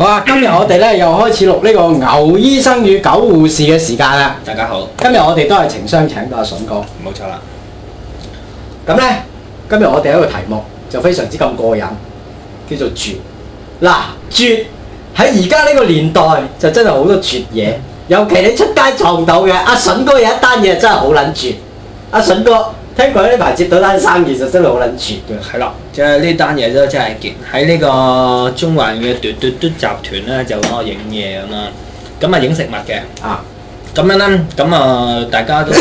好啊！今日我哋咧又開始錄呢個牛醫生與狗護士嘅時間啦。大家好，今日我哋都係情商請到阿笋哥。冇錯啦。咁咧，今日我哋一個題目就非常之咁過癮，叫做絕。嗱，絕喺而家呢個年代就真係好多絕嘢，尤其你出街撞到嘅阿笋哥有一單嘢真係好捻絕。阿笋哥。聽講呢排接到單生意就真係好捻絕，係啦，即係呢單嘢都真係勁。喺呢個中環嘅嘟嘟嘟集團咧就我影嘢咁啦，咁啊影食物嘅，啊，咁樣咧，咁啊大家都知，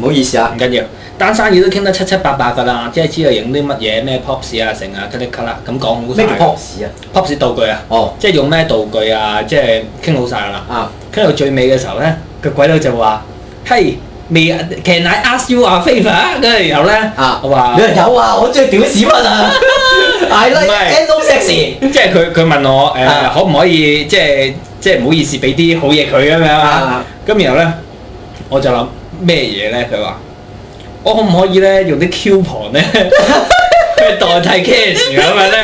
唔好意思啊，唔緊要，單生意都傾得七七八八噶啦，即係知道影啲乜嘢咩 pop 啊成啊，咔啦，咁講好晒。咩 pop 市啊？pop 市道具啊？哦，即係用咩道具啊？即係傾好晒噶啦，啊，傾到最尾嘅時候咧，個鬼佬就話，嘿。未，其實 can I ask you a favor，跟住然後咧，啊話有人有啊，我最屌屎忽啊，係啦 e n o ose 即係佢佢問我誒、呃啊、可唔可以即係即係唔好意思俾啲好嘢佢咁樣啊，咁然後咧我就諗咩嘢咧，佢話我可唔可以咧用啲 coupon 咧？ 佢代替 cash 咁樣咧，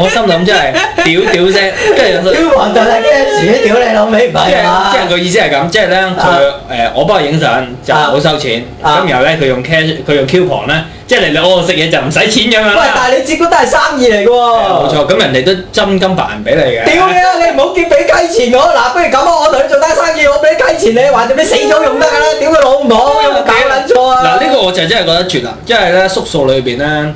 我心諗真係屌屌聲，跟住又話 coupon 代替 cash 屌你老味唔係嘛？即係個意思係咁，uh. 即係咧佢誒我幫佢影相就好收錢，咁、uh. 然後咧佢用 cash，佢用 coupon 咧，即係嚟我食嘢就唔使錢咁樣喂，但係你自覺都係生意嚟嘅喎，冇錯、嗯，咁人哋都真金白銀俾你嘅。屌你啊！你唔好叫俾雞錢我嗱、啊，不如咁啊！我同你做單生意，我俾雞錢你，還咗啲死咗用得㗎啦！屌佢 老母，唔搞撚錯啊！嗱、啊，呢、啊啊這個我就真係覺得絕啦，因為咧宿數裏邊咧。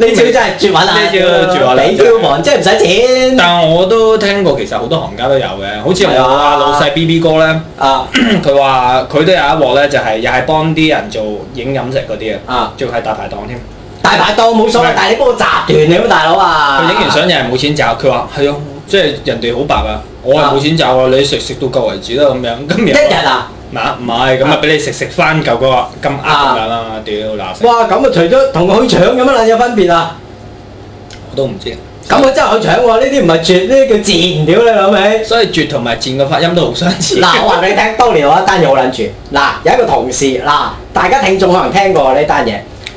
呢招真係絕品啊！呢招絕品，比票房真係唔使錢。但係我都聽過，其實好多行家都有嘅，好似我阿老細 B B 哥咧，啊，佢話佢都有一鑊咧，就係又係幫啲人做影飲食嗰啲嘅，啊，仲係大排檔添。大排檔冇所謂，但係你幫我集團你乜大佬啊？佢影完相又係冇錢找，佢話係咯，即係人哋好白啊，我係冇錢找啊，你食食到夠為止啦咁樣，今日一日嗱。嗱唔係，咁咪俾你食食翻嚿個咁啱嘅啦，屌嗱！哇咁啊，除咗同佢去搶有乜撚嘢分別啊？我都唔知啊！咁我真係去搶喎，呢啲唔係絕，呢啲叫賤屌你老味！所以絕同埋賤嘅發音都好相似。嗱，我話俾你聽，當 年我一單嘢好撚絕，嗱有一個同事，嗱大家聽眾可能聽過呢單嘢，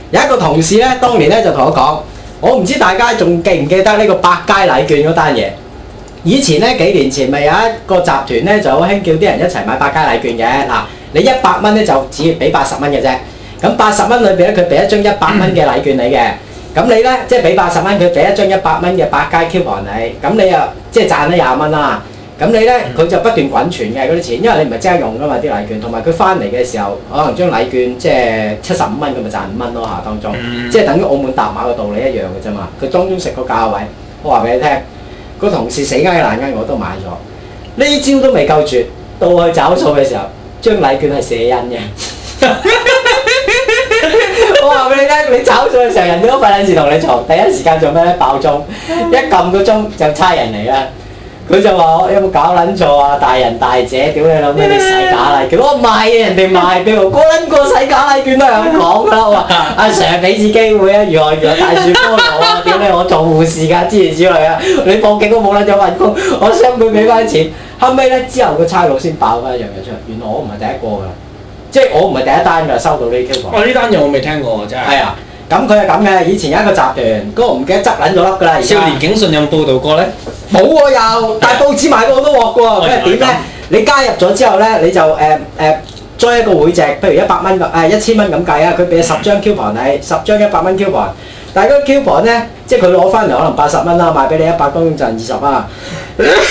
有一個同事咧，當年咧就同我講，我唔知大家仲記唔記得呢個百佳禮券嗰單嘢。以前咧，幾年前咪有一個集團咧，就好興叫啲人一齊買百佳禮券嘅。嗱，你一百蚊咧就只俾八十蚊嘅啫，咁八十蚊裏邊咧，佢俾一張一百蚊嘅禮券你嘅，咁你咧，即係俾八十蚊，佢俾一張一百蚊嘅百佳 coupon 你，咁你又即係賺咗廿蚊啦，咁你咧，佢就不斷滾存嘅嗰啲錢，因為你唔係即刻用噶嘛啲禮券，同埋佢翻嚟嘅時候可能張禮券即係七十五蚊，咁咪賺五蚊咯嚇，當中，即係等於澳門搭馬嘅道理一樣嘅啫嘛，佢當中食個價位，我話俾你聽。個同事死梗嘅難硬，我都買咗。呢招都未夠絕，到去找數嘅時候，張禮券係射印嘅。 我話俾你聽，你找數嘅時候，人哋都費陣時同你嘈，第一時間做咩咧？爆鐘，一撳個鐘就差人嚟啦。佢就話我有冇搞撚錯啊？大人大姐，屌你老母你使假禮券！我賣嘢，人哋賣俾我，個撚個使假禮券都係咁講啦！我話阿成俾次機會啊！如何如何，大樹風流啊！屌你，我做護士噶之類之類啊！你報警都冇撚咗份工，我雙倍俾翻錢。後尾咧，之後個差佬先爆返一樣嘢出嚟，原來我唔係第一個㗎，即係我唔係第一單㗎，收到呢條款。哦，我呢單嘢我未聽過喎，真係。係啊！咁佢係咁嘅，以前有一個集團，嗰個唔記得執捻咗粒㗎啦。少年警訊有報道過咧，冇喎又，的但係報紙賣過好多㗎喎，佢係點咧？你加入咗之後咧，你就誒誒 join 一個會籍，譬如一百蚊，誒、呃、一千蚊咁計啊，佢俾十張 coupon 你，十張一百蚊 coupon，但係嗰個 coupon 咧，即係佢攞翻嚟可能八十蚊啦，賣俾你一百公眾就係二十蚊啊。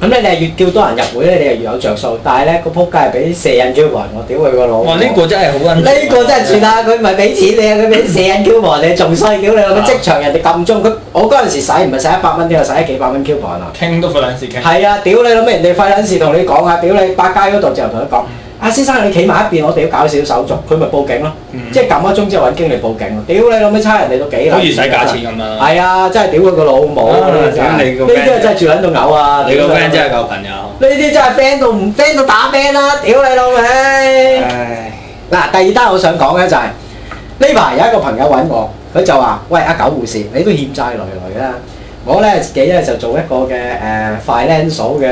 咁咧、嗯，你係越叫多人入會咧，你係越有着數。但係咧，呢個仆街俾蛇印 Q 幣我，屌佢個腦！哇！呢、呢個真係好撚，呢個真係算啦，佢唔係俾錢你，你，你啊，佢俾蛇印 Q 幣你，仲衰！屌你老母，職場人哋咁鍾，佢我嗰陣時使唔係使一百蚊，都有使咗幾百蚊 Q 幣咯。傾都費撚事傾，係啊！屌你諗咩？人哋費撚事同你講啊，屌你百佳嗰度就同佢講。阿先生，你企埋一邊，我哋要搞少少手續，佢咪報警咯，即係撳一鍾之後揾經理報警。屌你老味，差人哋都幾狠？可以使假錢噶嘛？係啊，真係屌佢個老母！你呢啲真係住喺度嘔啊！你個 friend 真係夠朋友。呢啲真係 friend 到唔 friend 到打 friend 啦！屌你老味！嗱，第二單我想講嘅就係呢排有一個朋友揾我，佢就話：喂，阿狗護士，你都欠債累累啦！我咧自己咧就做一個嘅誒 financial 嘅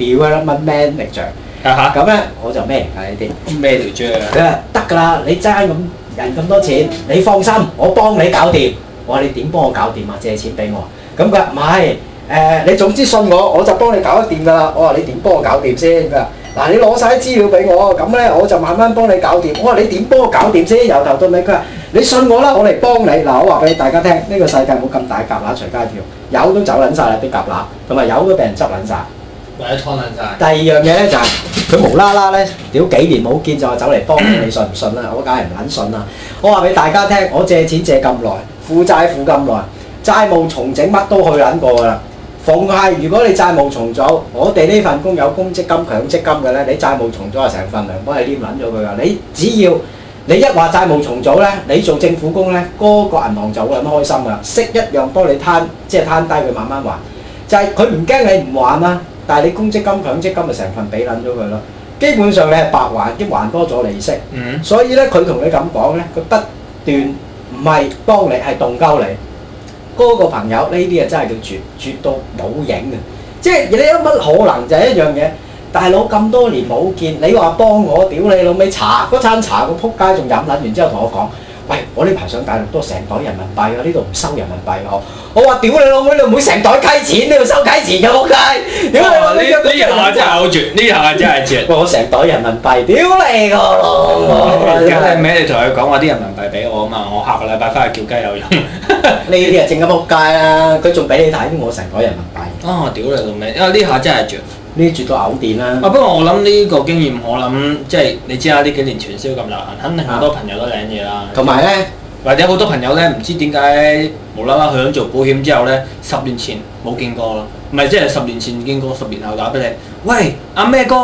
誒 development manager。啊哈！咁咧我就咩啊呢啲咩條章啊？佢話得㗎啦，你爭咁人咁多錢，你放心，我幫你搞掂。我話你點幫我搞掂啊？借錢俾我。咁佢唔係誒，你總之信我，我就幫你搞得掂㗎啦。我話你點幫我搞掂先？佢話嗱，你攞曬啲資料俾我，咁咧我就慢慢幫你搞掂。我話你點幫我搞掂先？由頭到尾，佢話你信我啦，我嚟幫你。嗱，我話俾大家聽，呢個世界冇咁大夾乸隨街跳，有都走撚曬啦啲夾乸，同埋有都俾人執撚曬。第二樣嘢咧就係佢無啦啦咧，屌幾年冇見就話走嚟幫你，信唔信啦？我梗係唔肯信啦。我話俾大家聽，我借錢借咁耐，負債負咁耐，債務重整乜都去撚過噶啦。逢係如果你債務重組，我哋呢份工有公積金、強積金嘅咧，你債務重組啊，成份糧幫你攆撚咗佢啦。你只要你一話債務重組咧，你做政府工咧，嗰個銀行就會咁開心噶，息一樣幫你攤，即係攤低佢慢慢還。就係佢唔驚你唔還啦。但係你公積金、強積金咪成份俾撚咗佢咯？基本上你係白還，亦還多咗利息。Mm hmm. 所以咧，佢同你咁講咧，佢不斷唔係幫你，係動鳩你。嗰、那個朋友呢啲啊，真係叫絕絕到冇影嘅。即係你有乜可能就係一樣嘢？大佬咁多年冇見，你話幫我屌你老味茶嗰餐茶，個撲街仲飲撚完之後同我講。喂，我呢排上大陸都成袋人民幣啊！呢度唔收人民幣咯、啊，我話屌你老母，你唔會成袋雞錢，你度收雞錢嘅，撲街！屌你！呢下真係好絕，呢下真係絕！我成袋人民幣，屌你個！梗係咩？你同佢講話啲人民幣俾我啊嘛，我下個禮拜翻去叫雞有用。 屋啊、你你係淨係撲街啦！佢仲俾你睇我成袋人民幣。啊！屌你老味，啊呢下真係絕！呢住個嘔電啦。啊，啊不過我諗呢個經驗，我諗即係你知啊，呢幾年傳銷咁流行，肯定好多朋友都領嘢啦。同埋咧，是呢或者好多朋友咧，唔知點解無啦啦佢響做保險之後咧，十年前冇見過咯，唔係即係十年前見過，十年後打俾你，喂阿咩、啊、哥，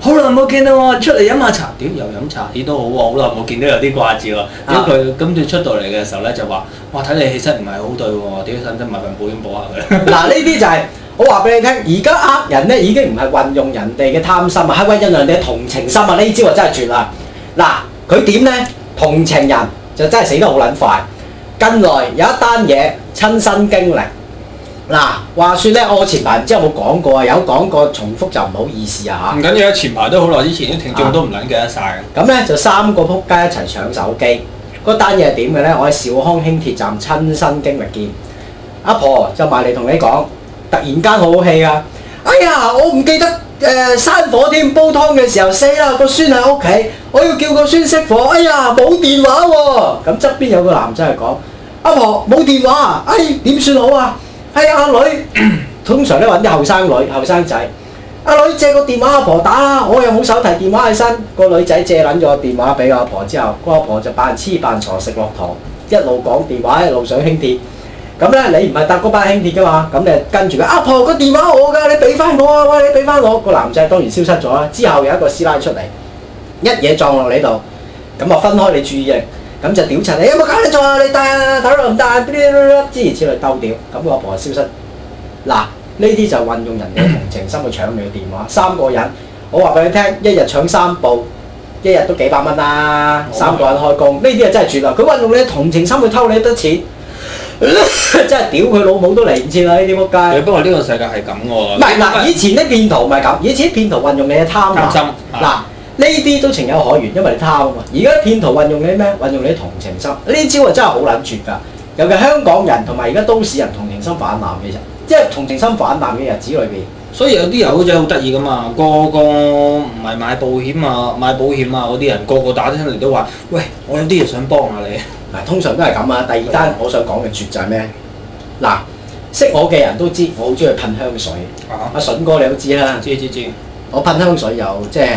好耐冇見到喎，出嚟飲下茶，屌、呃、又飲茶，幾都好好耐冇見到有啲掛住喎，咁佢今次出到嚟嘅時候咧就話，哇睇你氣質唔係好對喎，屌想唔想買份保險保下佢？嗱呢啲就係。我話俾你聽，而家呃人咧已經唔係運用人哋嘅貪心啊，係運用人哋嘅同情心啊。招呢招啊真係絕啦！嗱，佢點咧？同情人就真係死得好撚快。近來有一單嘢親身經歷，嗱，話説咧，我前排唔知有冇講過，有講過，重複就唔好意思啊嚇。唔緊要啊，前排都好耐，之前啲聽眾都唔撚記得晒。咁咧就三個仆街一齊搶手機個單嘢係點嘅咧？我喺兆康輕鐵站親身經歷，見阿婆就埋嚟同你講。突然間好氣啊！哎呀，我唔記得誒生、呃、火添，煲湯嘅時候死啦，個孫喺屋企，我要叫個孫熄火。哎呀，冇電話喎、啊！咁、嗯、側邊有個男仔係講：阿、啊、婆冇電話、啊、哎，係點算好啊？係、哎、阿女，通常都揾啲後生女、後生仔。阿、啊、女借個電話阿婆，婆打啦，我又冇手提電話喺身。個女仔借撚咗電話俾阿婆之後，個阿婆，婆就扮痴扮傻食落糖，一路講電話一路想輕跌。咁咧，你唔係搭嗰班輕鐵噶嘛？咁你跟住佢阿婆個電話我噶，你俾翻我啊！喂，你俾翻我。這個男仔當然消失咗啦。之後有一個師奶出嚟，一嘢撞落你度，咁啊分開你注意力，咁、呃呃、就屌柒你有冇搞你錯啊？你戴頭唔戴？嘟嘟嘟，諸如此類兜屌。咁個阿婆就消失。嗱，呢啲就運用人哋嘅同情心去搶你嘅電話。三個人，我話俾你聽，一日搶三部，一日都幾百蚊啦。三個人開工，呢啲啊真係絕啦！佢運用你嘅同情心去偷你一筆錢。 真係屌佢老母都嚟唔切啦！呢啲僕街。不過呢個世界係咁喎。唔係嗱，以前啲騙徒唔係咁，以前啲騙徒運用你嘅貪，貪心。嗱，呢啲都情有可原，因為你貪啊。而家騙徒運用你咩？運用你同情心。呢招啊真係好捻絕㗎。尤其香港人同埋而家都市人同情心氾濫嘅日，即係同情心氾濫嘅日子裏面。所以有啲人好似好得意㗎嘛，個個唔係買保險啊、買保險啊嗰啲人，個個打親嚟都話：喂，我有啲嘢想幫下你。嗱，通常都係咁啊！第二單我想講嘅絕就係咩？嗱，識我嘅人都知，我好中意噴香水。阿、啊啊、筍哥，你都知啦。知知知。我噴香水又即係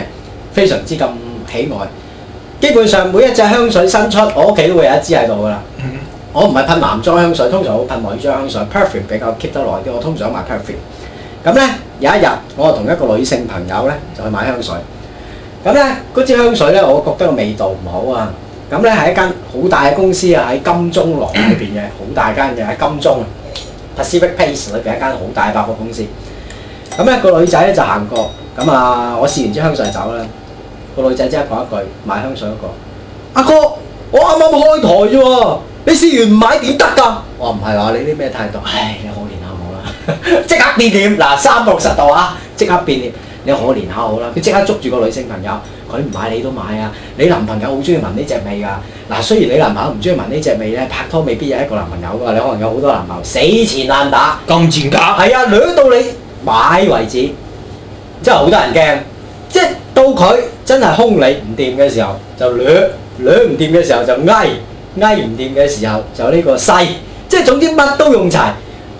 非常之咁喜愛，基本上每一隻香水新出，我屋企都會有一支喺度噶啦。嗯、我唔係噴男裝香水，通常我噴女裝香水。啊、Perfect 比較 keep 得耐啲，我通常買 Perfect。咁咧有一日，我同一個女性朋友咧就去買香水。咁咧嗰支香水咧，我覺得個味道唔好啊！咁咧係一間好大嘅公司啊，喺金鐘廊裏邊嘅好大間嘅喺金鐘啊，Pacific Place 裏邊一間好大嘅百貨公司。咁、那、咧個女仔咧就行過，咁啊我試完支香水走啦。那個女仔即刻講一句：買香水嗰個，阿哥，我啱啱開台啫喎，你試完唔買點得㗎？我唔係話你啲咩態度，唉，你可憐下我啦，即 刻變臉，嗱，三百六十度啊，即刻變臉，你可憐下我啦。佢即刻捉住個女性朋友。佢唔買你都買啊！你男朋友好中意聞呢隻味㗎。嗱、啊，雖然你男朋友唔中意聞隻呢隻味咧，拍拖未必有一個男朋友噶，你可能有好多男朋友死纏爛打，咁賤格，係啊，掠到你買為止，真係好多人驚。即係到佢真係兇你唔掂嘅時候，就掠；掠唔掂嘅時候就挨；挨唔掂嘅時候就呢個勢。即係總之乜都用齊。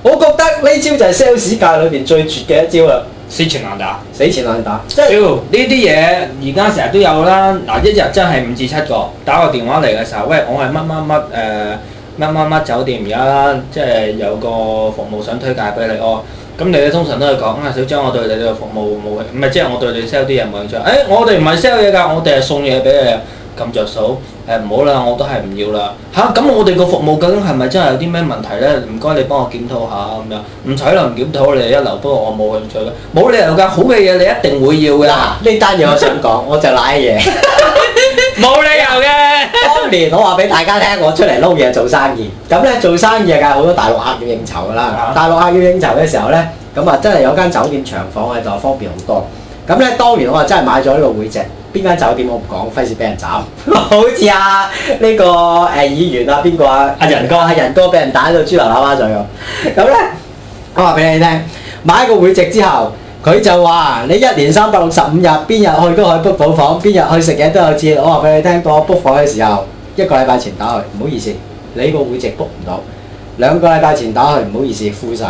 我覺得呢招就係 sales 界裏邊最絕嘅一招啊！死纏爛打，死纏爛打。即係，呢啲嘢而家成日都有啦。嗱，一日真係五至七個打個電話嚟嘅時候，喂，我係乜乜乜，誒乜乜乜酒店，而家即係有個服務想推介俾你哦。咁你哋通常都係講啊小張，我對你哋嘅服務冇，唔係，即係我對你 sell 啲嘢冇興趣。誒、哎，我哋唔係 sell 嘢㗎，我哋係送嘢俾你。咁着數，誒唔好啦，欸，我都係唔要啦吓。咁、啊、我哋個服務究竟係咪真係有啲咩問題咧？唔該，你幫我檢討下咁樣，唔睬能唔檢討你一流，不過我冇興趣啦，冇理由㗎，好嘅嘢你一定會要㗎。呢單嘢我想講，我就賴嘢，冇理由嘅。當年我話俾大家聽，我出嚟撈嘢做生意，咁咧做生意梗係好多大陸客要應酬㗎啦，大陸客要應酬嘅時候咧，咁啊真係有間酒店長房喺度，方便好多。咁咧，當年我啊真係買咗呢個會籍。邊間酒店我唔講，費事俾人斬。 好似啊，呢、這個誒、呃、議員啊，邊個啊？阿仁哥，阿仁哥俾人打到豬頭喇叭嘴喎。咁 咧，我話俾你聽，買一個會籍之後，佢就話你一年三百六十五日，邊日去都可以 book 房，邊日去食嘢都有折。我話俾你聽，到我 book 房嘅時候，一個禮拜前打去，唔好意思，你個會籍 book 唔到；兩個禮拜前打去，唔好意思，full 晒；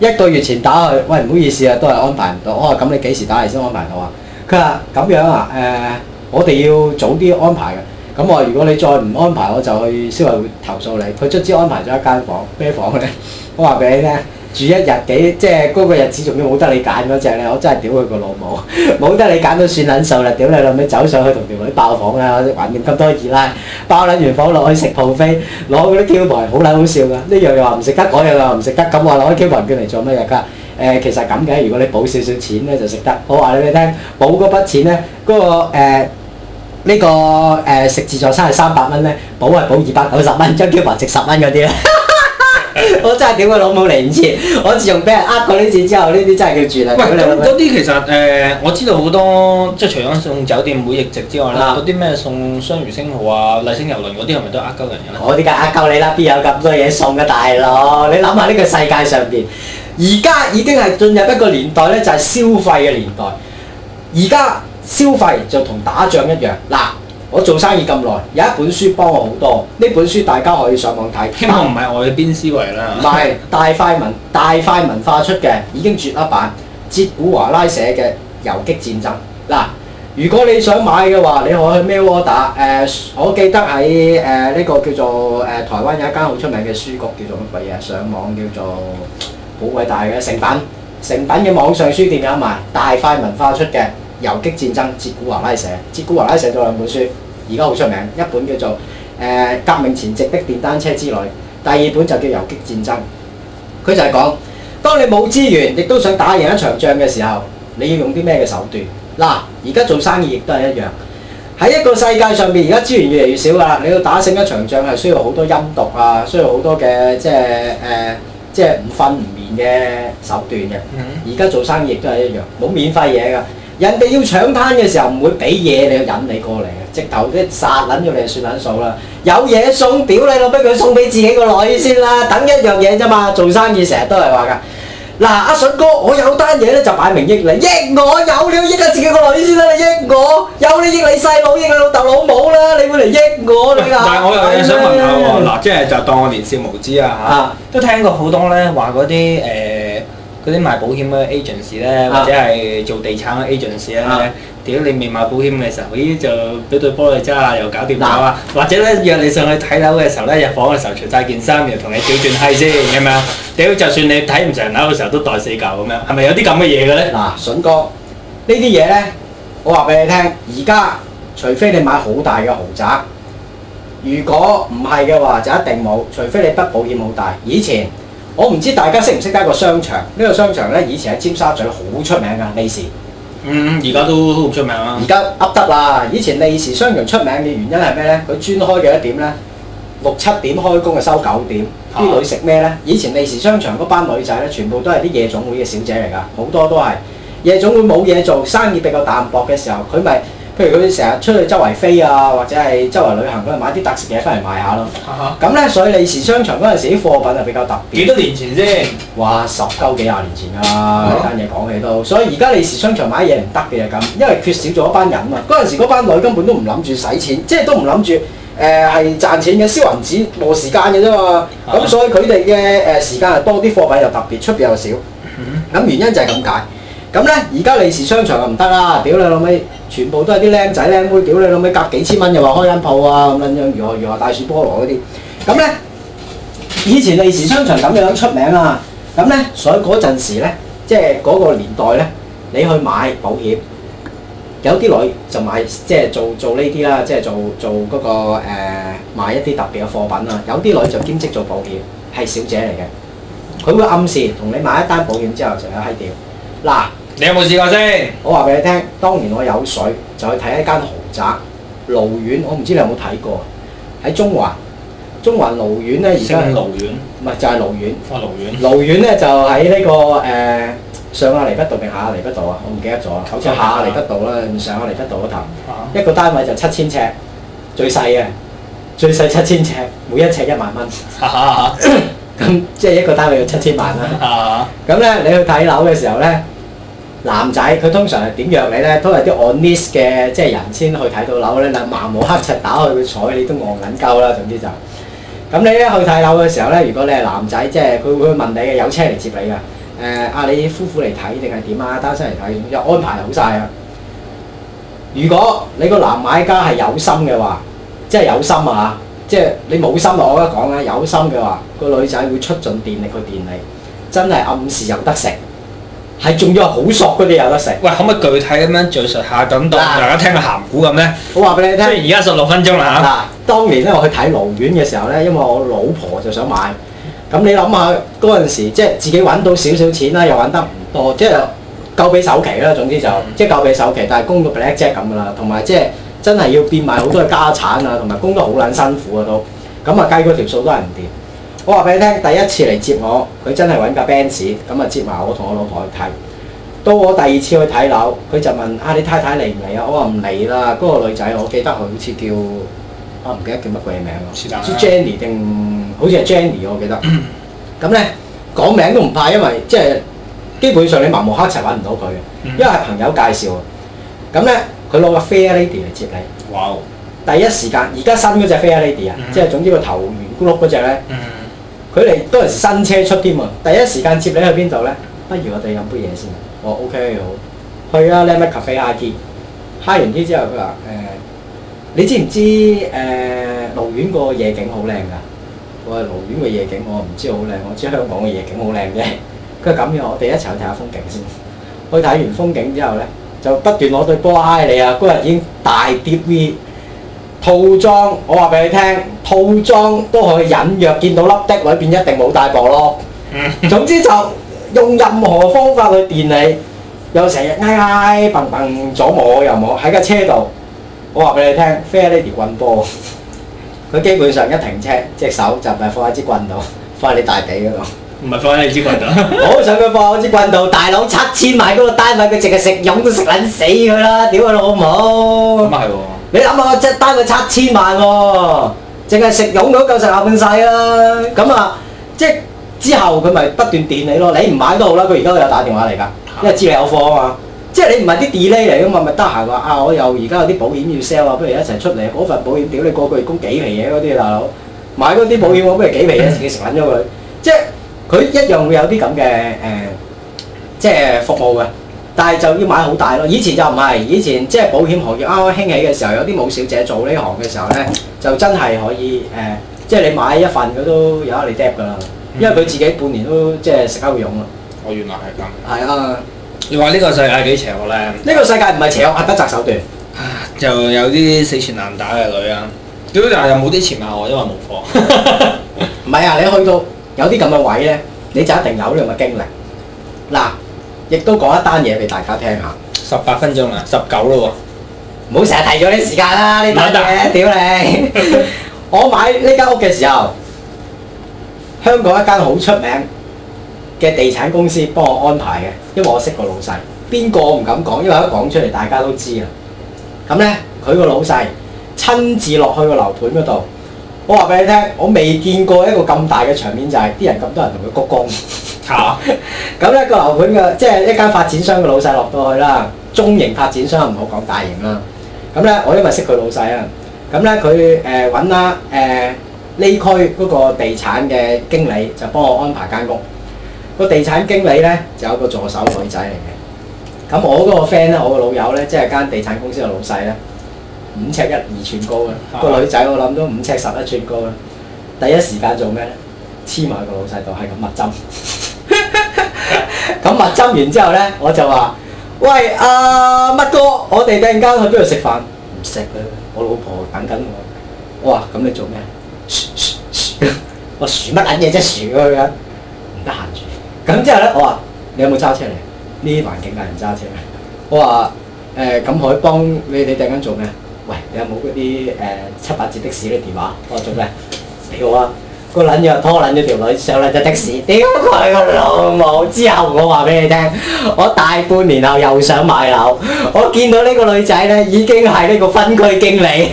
一個月前打去，喂，唔好意思啊，都係安排唔到。我話咁，嗯、你幾時打嚟先安排到啊？佢話咁樣啊，誒、呃，我哋要早啲安排嘅，咁我話如果你再唔安排，我就去消委會投訴你。佢卒之安排咗一間房，咩房咧？我話俾你聽。住一日幾，即係嗰個日子仲要冇得你揀嗰隻咧，我真係屌佢個老母，冇得你揀都算撚受啦，屌你老母走上去同條女爆房啦，玩掂咁多熱拉，爆撚完房落去食 buffet，攞嗰啲 coupon 好撚好笑噶，呢樣又話唔食得，嗰樣又話唔食得，咁我攞啲 coupon 叫嚟做乜嘢㗎？誒，其實咁嘅，如果你補少少錢咧，就食得。我話你俾你聽，補嗰筆錢咧，嗰個誒呢個誒食自助餐係三百蚊咧，補係補二百九十蚊，張 coupon 值十蚊嗰啲咧。我真係屌佢老母嚟唔切，我自從俾人呃過呢次之後，呢啲真係叫絕啦！唔嗰啲其實誒、呃，我知道好多即係除咗送酒店會議席之外咧，嗰啲咩送雙魚星號啊、麗星郵輪嗰啲係咪都係呃鳩人嘅咧？我啲梗呃鳩你啦，邊有咁多嘢送嘅大佬？你諗下呢個世界上邊，而家已經係進入一個年代咧，就係、是、消費嘅年代。而家消費就同打仗一樣嗱。我做生意咁耐，有一本書幫我好多。呢本書大家可以上網睇。聽話唔係外邊思維啦。唔係大塊文大塊文化出嘅，已經絕啦版。捷古華拉寫嘅《遊擊戰爭》嗱，如果你想買嘅話，你可以去 mail order 我記得喺誒呢個叫做誒、呃、台灣有一間好出名嘅書局叫做乜鬼嘢？上網叫做好偉大嘅成品，成品嘅網上書店有賣。大塊文化出嘅。遊擊戰爭，傑古華拉寫，傑古華拉寫咗兩本書，而家好出名，一本叫做《誒、呃、革命前夕的電單車之旅》，第二本就叫《遊擊戰爭》。佢就係講，當你冇資源，亦都想打贏一場仗嘅時候，你要用啲咩嘅手段？嗱、啊，而家做生意亦都係一樣。喺一個世界上面，而家資源越嚟越少啦，你要打勝一場仗係需要好多陰毒啊，需要好多嘅即係誒，即係唔瞓唔眠嘅手段嘅。而家做生意亦都係一樣，冇免費嘢㗎。人哋要搶攤嘅時候唔會俾嘢你引你過嚟嘅，直頭即殺撚咗你就算撚數啦！有嘢送，屌你老，俾佢送俾自己個女先啦。等一樣嘢咋嘛？做生意成日都係話噶。嗱，阿順哥，我有單嘢咧，就擺明益你，益我有料，益下自己個女先啦。你益我有你你弟弟，你益你細佬，益你老豆老母啦。你會嚟益我你我問問啊？但係我又想問下嗱，即係就當我年少無知啊嚇，都聽過好多咧話嗰啲誒。嗰啲賣保險嘅 agents 咧、啊，或者係做地產嘅 agents 咧、啊，屌你未買保險嘅時候，咦就俾對玻璃渣又搞掂搞啊！或者咧約你上去睇樓嘅時候咧，入房嘅時候除晒件衫，又同你調轉閪先，係咪啊？屌就算你睇唔上樓嘅時候都戴四嚿咁樣，係咪有啲咁嘅嘢嘅咧？嗱、啊，筍哥，呢啲嘢咧，我話俾你聽，而家除非你買好大嘅豪宅，如果唔係嘅話就一定冇，除非你不保險好大，以前。我唔知大家識唔識得個商場？呢、這個商場咧，以前喺尖沙咀好出名嘅利時。嗯，而家都好出名啊！而家噏得啦。以前利時商場出名嘅原因係咩咧？佢專開嘅一點咧，六七點開工嘅收九點。啲女食咩咧？啊、以前利時商場嗰班女仔咧，全部都係啲夜總會嘅小姐嚟㗎，好多都係夜總會冇嘢做，生意比較淡薄嘅時候，佢咪～譬如佢成日出去周圍飛啊，或者係周圍旅行，度買啲特色嘢翻嚟賣下咯。咁咧、啊哈，所以利時商場嗰陣時啲貨品就比較特別。幾多年前先？哇，十鳩幾廿年前呢單嘢講起都。所以而家利時商場買嘢唔得嘅咁，因為缺少咗一班人啊嘛。嗰陣時嗰班女根本都唔諗住使錢，即係都唔諗住誒係賺錢嘅，燒銀紙磨時間嘅啫嘛。咁、啊、所以佢哋嘅誒時間又多啲，貨品又特別，出便又少。咁、嗯、原因就係咁解。咁咧，而家利是商場又唔得啦！屌你老味，全部都係啲僆仔僆妹，屌你老味，夾幾千蚊又話開間鋪啊咁樣樣，如何如何大樹菠蘿嗰啲。咁咧，以前利是商場咁樣，樣出名啊。咁咧，所以嗰陣時咧，即係嗰個年代咧，你去買保險，有啲女就買，即、就、係、是、做做呢啲啦，即、就、係、是、做做嗰、那個誒、呃、買一啲特別嘅貨品啊。有啲女就兼職做保險，係小姐嚟嘅，佢會暗示同你買一單保險之後就有閪屌。嗱，喏你有冇試過先？我話俾你聽，當年我有水就去睇一間豪宅，盧苑，我唔知你有冇睇過喺中環，中環盧苑咧，而家，唔係就係、係、盧苑。花盧苑。盧苑咧就喺呢、呢個誒上亞厘畢道定下亞厘畢道啊？我唔記得咗。好似下亞厘畢道啦，上亞厘畢道嗰頭。下下下下一、啊、個單位就七千尺，最細啊，最細七千尺，每一尺一萬蚊。啊。咁即係一個單位要七千萬啦。咁咧，你去睇樓嘅時候咧，男仔佢通常係點約你咧？都係啲 on list 嘅，即係人先去睇到樓咧。嗱，盲無黑漆打去佢睬，你都戇緊鳩啦。總之就咁，你咧去睇樓嘅時候咧，如果你係男仔，即係佢會問你有車嚟接你㗎。誒、呃，阿你夫婦嚟睇定係點啊？單身嚟睇又安排好晒啊。如果你個男買家係有心嘅話，即係有心啊！即係你冇心我而家講啦，有心嘅話，個女仔會出盡電力去電你，真係暗示有得食，係仲要好索嗰啲有得食。喂，可唔可以具體咁樣敍述下，等到、啊、大家聽個鹹古咁咧？我話俾你聽，即係而家十六分鐘啦。嗱，當年咧我去睇樓苑嘅時候咧，因為我老婆就想買，咁你諗下嗰陣時即係自己揾到少少錢啦，又揾得唔多，即係夠俾首期啦。總之就即係夠俾首期，但係供到 blackjack 咁噶啦，同埋即係。真係要變埋好多嘅家產啊，同埋工都好撚辛苦啊，都咁啊計嗰條數都係唔掂。我話俾你聽，第一次嚟接我，佢真係揾架 Benz，咁啊接埋我同我老婆去睇。到我第二次去睇樓，佢就問：啊你太太嚟唔嚟啊？我話唔嚟啦。嗰個女仔我記得佢好似叫啊，唔記得叫乜鬼名咯，叫遍但 Jenny 定好似係 Jenny 我記得。咁 呢，講名都唔怕，因為即係基本上你盲目黑襯揾唔到佢，因為係朋友介紹。咁呢。佢攞個 Fair Lady 嚟接你。哇！Wow. 第一時間，而家新嗰隻 Fair Lady 啊、mm，hmm. 即係總之個頭圓咕碌嗰隻咧。佢嚟、mm hmm. 都係新車出添啊！第一時間接你去邊度咧？不如我哋飲杯嘢先。我 o、OK, k 好。去啊，Lemon Cafe high tea。High 完 tea 之後，佢話：誒、呃，你知唔知誒？龍園個夜景好靚㗎。我話龍園嘅夜景，我唔知好靚，我知香港嘅夜景好靚啫。佢話咁樣，我哋一齊去睇下風景先。去睇完風景之後咧。就不斷攞對波挨你啊！嗰日已經大跌 V，套裝我話俾你聽，套裝都可以隱約見到粒的，裏邊一定冇帶波咯。 總之就用任何方法去電你，又成日挨挨嘭嘭左摸右摸喺架車度。我話俾你聽 ，Fair Lady 棍波，佢基本上一停車隻手就唔係放喺支棍度，放喺你大髀嗰度。唔係放喺你支棍度，好想佢放喺支棍度，大佬七千萬嗰個單位，佢淨係食傭都食撚死佢啦！屌佢老母，唔咁啊你諗下，即係單佢七千萬喎，淨係食傭都夠食下半世啦！咁啊，即係之後佢咪不斷點你咯？你唔買都好啦，佢而家都有打電話嚟噶，嗯、因為知你有貨啊嘛。即係你唔係啲 delay 嚟噶嘛，咪得閒話啊！我又而家有啲保險要 sell 啊，不如一齊出嚟攞份保險，屌你個個月供幾皮嘢嗰啲大佬，買嗰啲保險我不如幾皮嘢 自己食撚咗佢，即係。即 佢一樣會有啲咁嘅誒，即係服務嘅，但係就要買好大咯。以前就唔係，以前即係保險行業啱啱興起嘅時候，有啲舞小姐做呢行嘅時候咧，就真係可以誒、呃，即係你買一份佢都有得你 dép 㗎啦。因為佢自己半年都即係食飽用咯。我原來係咁。係啊，你話呢個世界幾邪惡咧？呢個世界唔係邪惡，係不擇手段。啊、就有啲死纏爛打嘅女啊！屌，但又冇啲錢買我，因為冇貨。唔 係 啊，你去到。有啲咁嘅位呢，你就一定有呢樣嘅經歷。嗱，亦都講一單嘢俾大家聽下。十八分鐘啦，十九囉喎，唔好成日提咗啲時間啦，呢啲嘢屌你！ 我買呢間屋嘅時候，香港一間好出名嘅地產公司幫我安排嘅，因為我識個老細。邊個我唔敢講，因為一講出嚟大家都知啦。咁呢，佢個老細親自落去個樓盤嗰度。我話俾你聽，我未見過一個咁大嘅場面，就係啲人咁多人同佢鞠躬嚇。咁 咧個樓盤嘅，即係一間發展商嘅老細落到去啦。中型發展商唔好講大型啦。咁咧，我因為識佢老細啊，咁咧佢誒揾啦誒呢區嗰個地產嘅經理就幫我安排間屋。個地產經理咧就有一個助手女仔嚟嘅。咁我嗰個 friend 咧，我個老友咧，即係間地產公司嘅老細咧。五尺一二寸高嘅個、啊、女仔，我諗都五尺十一寸高啦。第一時間做咩咧？黐埋個老細度，係咁密針咁密 針完之後咧，我就話：喂，阿、啊、乜哥，我哋突間去邊度食飯？唔食啊，我老婆等緊我。我話咁你做咩？我薯乜撚嘢啫？薯佢啊，唔得閒住。咁之後咧，我話你有冇揸車嚟？呢啲環境嗌人揸車？我話誒咁可以幫你，你突間做咩？喂，你有冇嗰啲誒七八折的士嘅電話？我做咩？屌啊，啊個撚樣拖撚咗條女上兩隻的士，屌佢個老母！之後我話俾你聽，我大半年後又想買樓，我見到呢個女仔咧已經係呢個分區經理，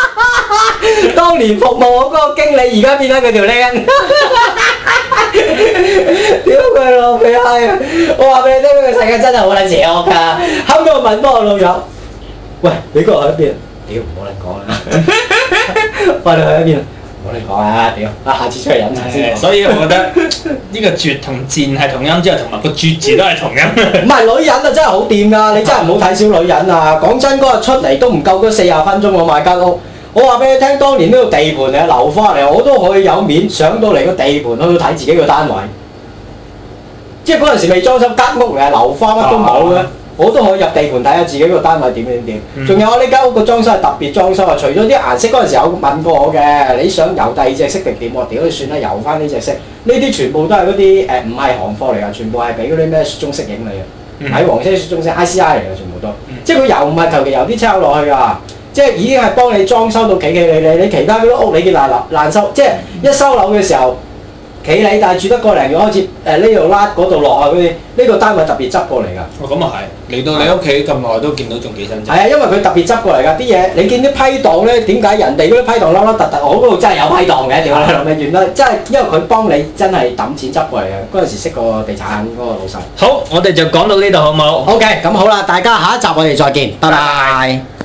當年服務我嗰個經理，而家變咗佢條靚，屌佢老母閪、哎！我話俾你聽，呢個世界真係好撚邪惡㗎，後尾我問多我老友。喂，你嗰個喺一邊，屌唔好嚟講啦！快 你去一邊啦，唔好嚟講啊！屌，啊下次出去飲茶先。所以，我覺得呢個絕同戰係同音，之後同埋個絕字都係同音。唔 係女人啊，真係好掂㗎、啊！你真係唔好睇小女人啊！講 真嗰日出嚟都唔夠嗰四十分鐘我買間屋。我話俾你聽，當年呢個地盤嚟樓花嚟，我都可以有面上到嚟個地盤去睇自己個單位。即係嗰陣時未裝修間屋嚟，樓花乜都冇嘅。我都可以入地盤睇下自己個單位點點點，仲有我呢間屋個裝修係特別裝修啊！除咗啲顏色嗰陣時有問過我嘅，你想油第二隻色定點我屌你算啦，油返呢隻色。呢啲全部都係嗰啲誒，唔、呃、係行貨嚟噶，全部係俾嗰啲咩色中色影嚟嘅，喺黃色啲中色，ICI 嚟嘅全部都、嗯即，即係佢油唔係求其油啲抽落去㗎，即係已經係幫你裝修到企企理你，你其他啲屋你見爛爛爛收，即係一收樓嘅時候。起你，但係住得個零月開始，誒呢度拉嗰度落去，啲呢、這個單位特別執過嚟㗎。哦，咁啊係嚟到你屋企咁耐都見到仲幾新淨。係啊，因為佢特別執過嚟㗎啲嘢，你見啲批檔咧？點解人哋嗰啲批檔撈撈突突，我嗰度真係有批檔嘅點解？六萬元啦，即係因為佢幫你真係揼錢執過嚟嘅。嗰陣時識個地產嗰個老細。好，我哋就講到呢度好冇？OK，咁好啦，大家下一集我哋再見。拜拜。拜拜。